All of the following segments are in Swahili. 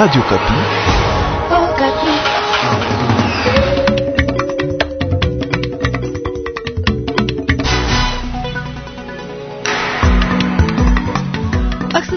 Radio Kapi.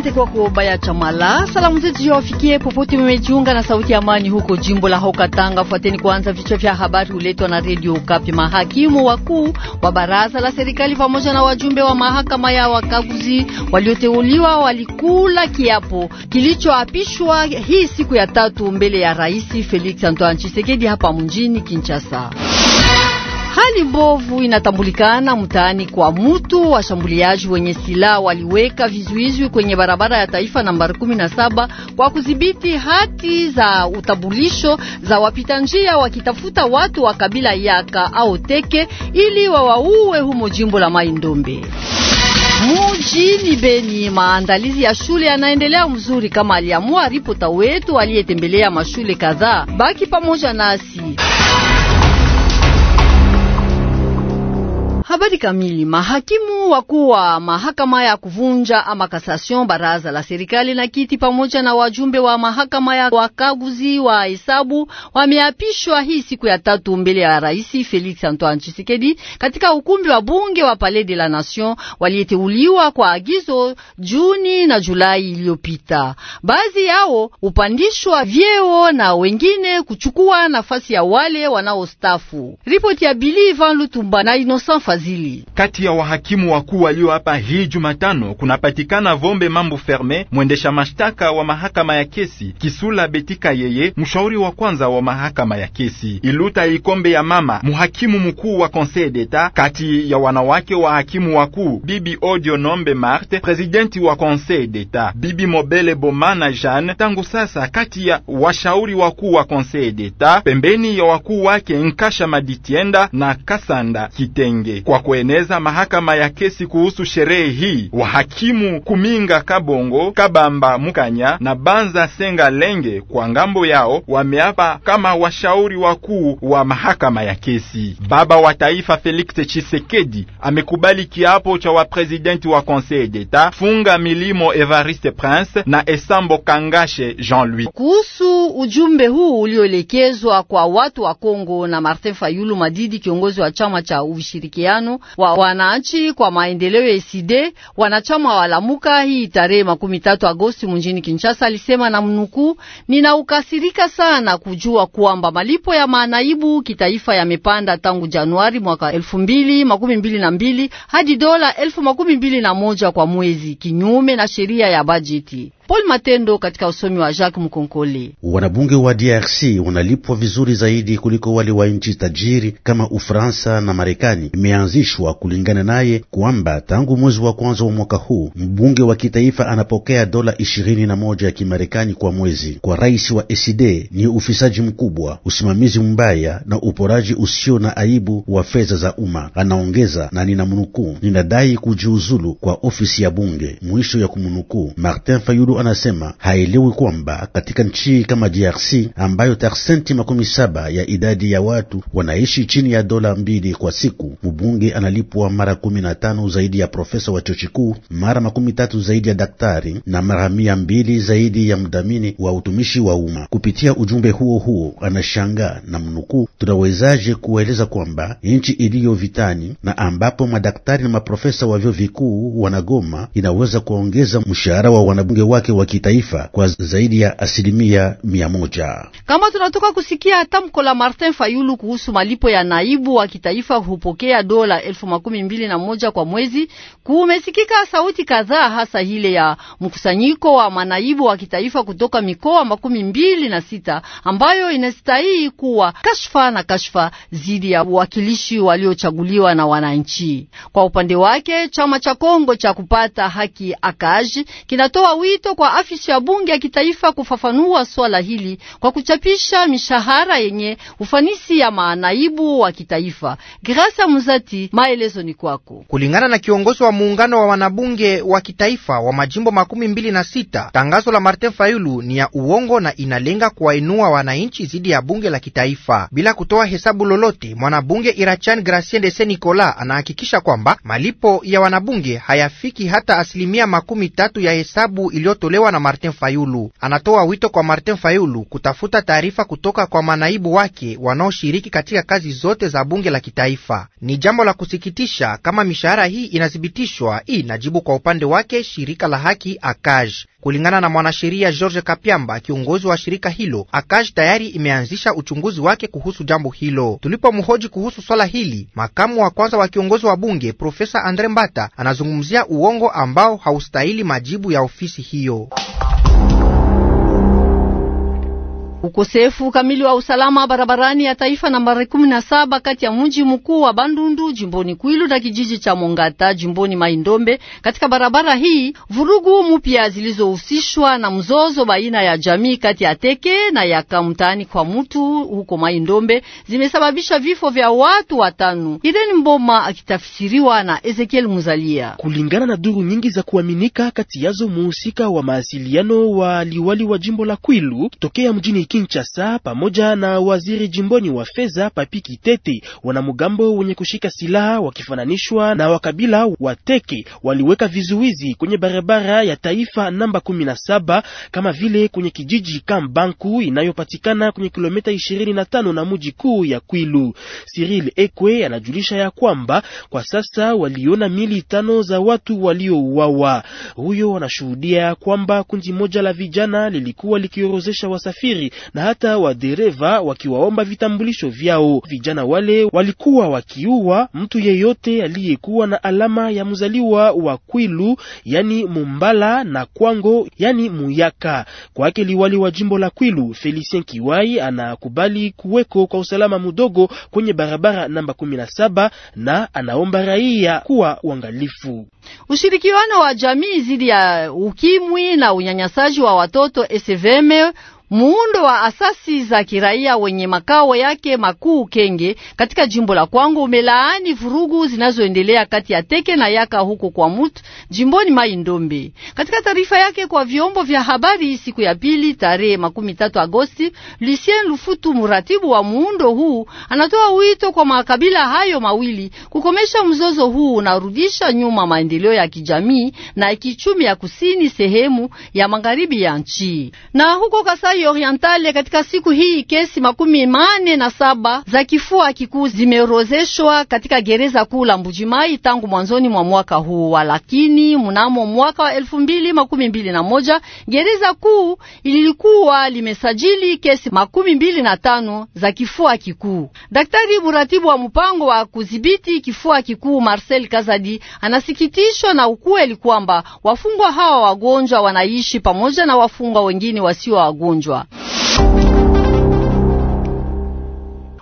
Asante kwa kuobaya chamala. Salamu zetu ziwafikie popote mmejiunga na sauti ya amani huko jimbo la hokatanga Fuateni kwanza vichwa vya habari huletwa na redio Okapi. Mahakimu wakuu wa baraza la serikali pamoja na wajumbe wa mahakama ya wakaguzi walioteuliwa walikula kiapo kilichoapishwa hii siku ya tatu mbele ya Rais Felix Antoine Tshisekedi hapa mjini Kinshasa. Hali mbovu inatambulikana mtaani kwa mutu. Washambuliaji wenye silaha waliweka vizuizi kwenye barabara ya taifa nambari 17 kwa kudhibiti hati za utambulisho za wapita njia, wakitafuta watu wa kabila Yaka au Teke ili wawauwe humo jimbo la Mai Ndombe. Mujini Beni, maandalizi ya shule yanaendelea mzuri, kama aliamua ripota wetu aliyetembelea mashule kadhaa. Baki pamoja nasi. Habari kamili. Mahakimu wakuu wa mahakama ya kuvunja ama kasasion, baraza la serikali na kiti pamoja na wajumbe wa mahakama ya wakaguzi wa hesabu wameapishwa hii siku ya tatu mbele ya Rais Felix Antoine Tshisekedi katika ukumbi wa bunge wa Palais de la Nation. Waliteuliwa kwa agizo Juni na Julai iliyopita. Baadhi yao upandishwa vyeo na wengine kuchukua nafasi ya wale wanaostafu. Ripoti ya Bili Van Lutumba na Innocent Brazili. Kati ya wahakimu wakuu walio hapa hii Jumatano kunapatikana Vombe Mambo Ferme, mwendesha mashtaka wa mahakama ya kesi Kisula Betika, yeye mshauri wa kwanza wa mahakama ya kesi Iluta Ikombe ya mama muhakimu mkuu wa Conseil d'Etat. Kati ya wanawake wahakimu wakuu Bibi Odio Nombe Marte, presidenti wa Conseil d'Etat, Bibi Mobele Bomana Jeanne tangu sasa kati ya washauri wakuu wa Conseil d'Etat, pembeni ya wakuu wake Nkasha Maditienda na Kasanda Kitenge kwa kueneza mahakama ya kesi kuhusu sherehe hii, wahakimu Kuminga Kabongo, Kabamba Mukanya na Banza Senga Lenge kwa ngambo yao wameapa kama washauri wakuu wa mahakama ya kesi. Baba wa taifa Felix Tshisekedi amekubali kiapo cha waprezidenti wa Conseil d'Etat Funga Milimo Evariste Prince na Esambo Kangashe Jean Louis kuhusu ujumbe huu ulioelekezwa kwa watu wa Kongo na Martin Fayulu Madidi, kiongozi wa chama cha ushirikiano mkutano wa wananchi kwa maendeleo ya ESIDE wanachama wa Lamuka hii tarehe makumi tatu Agosti mjini Kinshasa, alisema na mnukuu, ninaukasirika sana kujua kwamba malipo ya manaibu kitaifa yamepanda tangu Januari mwaka elfu mbili makumi mbili na mbili hadi dola elfu makumi mbili na moja kwa mwezi kinyume na sheria ya bajeti. Paul Matendo katika usomi wa Jacques Mkonkoli. Wanabunge wa DRC wanalipwa vizuri zaidi kuliko wale wa nchi tajiri kama Ufaransa na Marekani. Imeanzishwa kulingana naye kwamba tangu mwezi wa kwanza wa mwaka huu mbunge wa kitaifa anapokea dola ishirini na moja ya Kimarekani kwa mwezi. Kwa rais wa SD ni ufisaji mkubwa, usimamizi mbaya na uporaji usio na aibu wa fedha za umma. Anaongeza na ninamnukuu, ninadai kujiuzulu kwa ofisi ya bunge, mwisho ya kumnukuu Martin Fayulu anasema haelewi kwamba katika nchi kama DRC ambayo tarsenti makumi saba ya idadi ya watu wanaishi chini ya dola mbili kwa siku, mbunge analipwa mara kumi na tano zaidi ya profesa wa chuo kikuu, mara makumi tatu zaidi ya daktari na mara mia mbili zaidi ya mdhamini wa utumishi wa umma. Kupitia ujumbe huo huo, anashangaa na mnukuu, tunawezaje kueleza kwamba nchi iliyo vitani na ambapo madaktari na maprofesa wa vyuo vikuu wanagoma inaweza kuongeza mshahara wa wanabunge wa wake wa kitaifa kwa zaidi ya asilimia mia moja. Kama tunatoka kusikia tamko la Martin Fayulu kuhusu malipo ya naibu wa kitaifa hupokea dola elfu makumi mbili na moja kwa mwezi, kumesikika sauti kadhaa, hasa ile ya mkusanyiko wa manaibu wa kitaifa kutoka mikoa makumi mbili na sita ambayo inastahii kuwa kashfa na kashfa zidi ya uwakilishi waliochaguliwa na wananchi. Kwa upande wake, chama cha Kongo cha kupata haki akaji kinatoa wito wito kwa afisi ya bunge ya kitaifa kufafanua swala hili kwa kuchapisha mishahara yenye ufanisi ya manaibu wa kitaifa. Grasa Muzati, maelezo ni kwako. Kulingana na kiongozi wa muungano wa wanabunge wa kitaifa wa majimbo makumi mbili na sita, tangazo la Martin Fayulu ni ya uongo na inalenga kuwainua wananchi dhidi ya bunge la kitaifa bila kutoa hesabu lolote. Mwanabunge Irachan Gracien de Saint Nicolas anahakikisha kwamba malipo ya wanabunge hayafiki hata asilimia makumi tatu ya hesabu iliyo iliyotolewa na Martin Fayulu. Anatoa wito kwa Martin Fayulu kutafuta taarifa kutoka kwa manaibu wake wanaoshiriki katika kazi zote za bunge la kitaifa. Ni jambo la kusikitisha kama mishahara hii inathibitishwa, ii najibu kwa upande wake shirika la haki ACAJ. Kulingana na mwanasheria George Kapiamba, kiongozi wa shirika hilo, ACAJ tayari imeanzisha uchunguzi wake kuhusu jambo hilo. Tulipomhoji kuhusu swala hili, makamu wa kwanza wa kiongozi wa bunge Profesa Andre Mbata anazungumzia uongo ambao haustahili majibu ya ofisi hiyo. Radio. Ukosefu kamili wa usalama barabarani ya taifa nambari 17 kati ya mji mkuu wa Bandundu jimboni Kwilu na kijiji cha Mongata jimboni Maindombe. Katika barabara hii vurugu mpya zilizohusishwa na mzozo baina ya jamii kati ya Teke na ya Kamtani kwa mtu huko Maindombe zimesababisha vifo vya watu watano. Irene Mboma akitafsiriwa na Ezekiel Muzalia. Kulingana na duru nyingi za kuaminika, kati yazo muhusika wa maasiliano wa liwali wa jimbo la Kwilu tokea mjini Kinshasa pamoja na waziri jimboni wa fedha Papi Kitete. Wanamgambo wenye kushika silaha wakifananishwa na wakabila Wateke waliweka vizuizi kwenye barabara ya taifa namba 17 kama vile kwenye kijiji Kambanku inayopatikana kwenye kilomita 25 na mji kuu ya Kwilu. Cyril Ekwe anajulisha ya kwamba kwa sasa waliona mili tano za watu waliouawa. Huyo anashuhudia kwamba kundi moja la vijana lilikuwa likiorozesha wasafiri na hata wadereva wakiwaomba vitambulisho vyao. Vijana wale walikuwa wakiua mtu yeyote aliyekuwa na alama ya mzaliwa wa Kwilu, yani Mumbala na Kwango, yani Muyaka. Kwake liwali wa jimbo la Kwilu Felicien Kiwai anakubali kuweko kwa usalama mdogo kwenye barabara namba 17 na anaomba raia kuwa uangalifu. Ushirikiano wa jamii dhidi ya ukimwi na unyanyasaji wa watoto SVM Muundo wa asasi za kiraia wenye makao yake makuu Kenge katika jimbo la Kwango umelaani vurugu zinazoendelea kati ya Teke na Yaka huko kwa Mutu jimboni Mai Ndombe. Katika taarifa yake kwa vyombo vya habari siku ya pili tarehe 13 Agosti, Lucien Lufutu, muratibu wa muundo huu, anatoa wito kwa makabila hayo mawili kukomesha mzozo huu unarudisha nyuma maendeleo ya kijamii na kichumi ya kusini sehemu ya magharibi ya nchi na huko Kasai Kasai Orientale katika siku hii kesi makumi mane na saba za kifua kikuu zimerozeshwa katika gereza kuu la Mbujimai tangu mwanzoni mwa mwaka huu, lakini mnamo mwaka wa elfu mbili makumi mbili na moja gereza kuu ilikuwa limesajili kesi makumi mbili na tano za kifua kikuu. Daktari muratibu wa mpango wa kudhibiti kifua kikuu Marcel Kazadi anasikitishwa na ukweli kwamba wafungwa hawa wagonjwa wanaishi pamoja na wafungwa wengine wasio wagonjwa wagonjwa.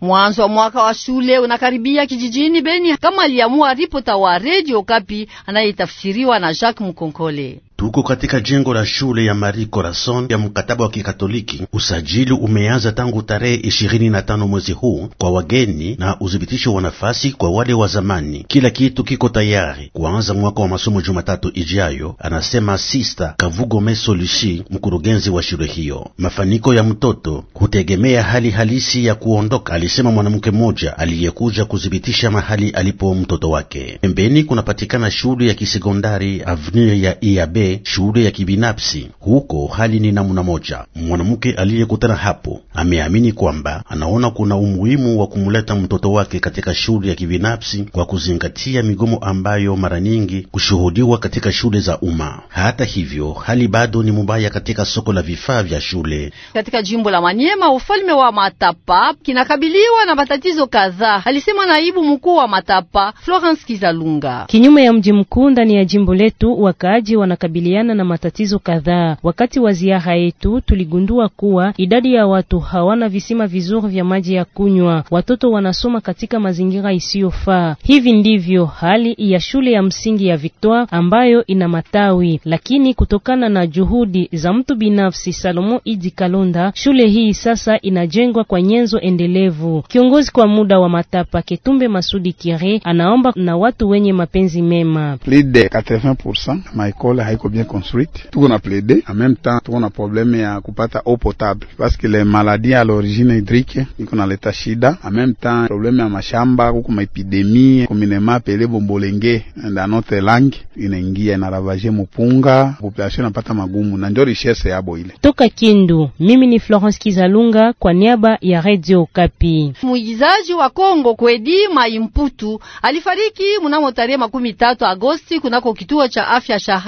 Mwanzo wa mwaka wa shule unakaribia kijijini Beni, kama aliamua ripota wa Radio Kapi anayetafsiriwa na Jacques Mkonkole. Tuko katika jengo la shule ya Marie Corazon ya mkataba wa Kikatoliki. Usajili umeanza tangu tarehe 25 mwezi huu kwa wageni na udhibitisho wa nafasi kwa wale wa zamani. Kila kitu kiko tayari kuanza mwaka wa masomo Jumatatu ijayo, anasema Sista Kavugo Mesolishi, mkurugenzi wa shule hiyo. Mafaniko ya mtoto hutegemea hali halisi ya kuondoka, alisema mwanamke mmoja aliyekuja kudhibitisha mahali alipo mtoto wake. Pembeni kunapatikana shule ya kisekondari Avenue ya Iabe Makerere, shule ya kibinafsi huko. Hali ni namna moja. Mwanamke aliyekutana hapo ameamini kwamba anaona kuna umuhimu wa kumleta mtoto wake katika shule ya kibinafsi kwa kuzingatia migomo ambayo mara nyingi kushuhudiwa katika shule za umma. Hata hivyo, hali bado ni mubaya katika soko la vifaa vya shule katika jimbo la Manyema. Ufalme wa Matapa kinakabiliwa na matatizo kadhaa, alisema naibu mkuu wa Matapa Florence Kizalunga. Kinyume ya mji mkuu ndani ya jimbo letu wakaaji wanakabiliwa kukabiliana na matatizo kadhaa. Wakati wa ziara yetu tuligundua kuwa idadi ya watu hawana visima vizuri vya maji ya kunywa, watoto wanasoma katika mazingira isiyofaa. Hivi ndivyo hali ya shule ya msingi ya Victoire ambayo ina matawi, lakini kutokana na juhudi za mtu binafsi Salomo Idi Kalonda, shule hii sasa inajengwa kwa nyenzo endelevu. Kiongozi kwa muda wa Matapa Ketumbe Masudi Kire anaomba na watu wenye mapenzi mema Lide, 80% maikola haiko bien construite, tuko na plaide en même temps, tuko na probleme ya kupata eau potable que le maladies ya l'origine hydrique iko na leta shida, en même temps probleme ya mashamba, kuko maepidemie kominema pele bombolenge dans notre langue inaingia inaravaje mupunga, population inapata magumu na njo richesse yabo ile. Toka Kindu, mimi ni Florence Kizalunga kwa niaba ya Radio Kapi. Mwigizaji wa Kongo Kwedi Maimputu alifariki mnamo tarehe makumi tatu Agosti kunako kituo cha afya cha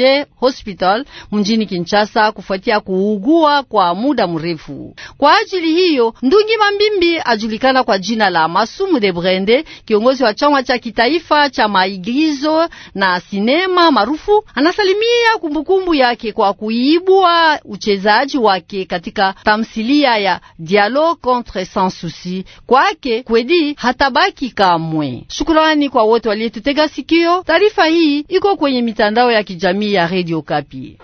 Charge Hospital mjini Kinshasa kufuatia kuugua kwa muda mrefu. Kwa ajili hiyo, Ndungi Mambimbi ajulikana kwa jina la Masumu de Brende, kiongozi wa chama cha kitaifa cha maigizo na sinema maarufu, anasalimia kumbukumbu yake kwa kuibua uchezaji wake katika tamthilia ya Dialogue contre sans souci. Kwake kwedi hatabaki kamwe. Shukrani kwa wote waliotutega sikio. Taarifa hii iko kwenye mitandao ya kijamii aqui a Rede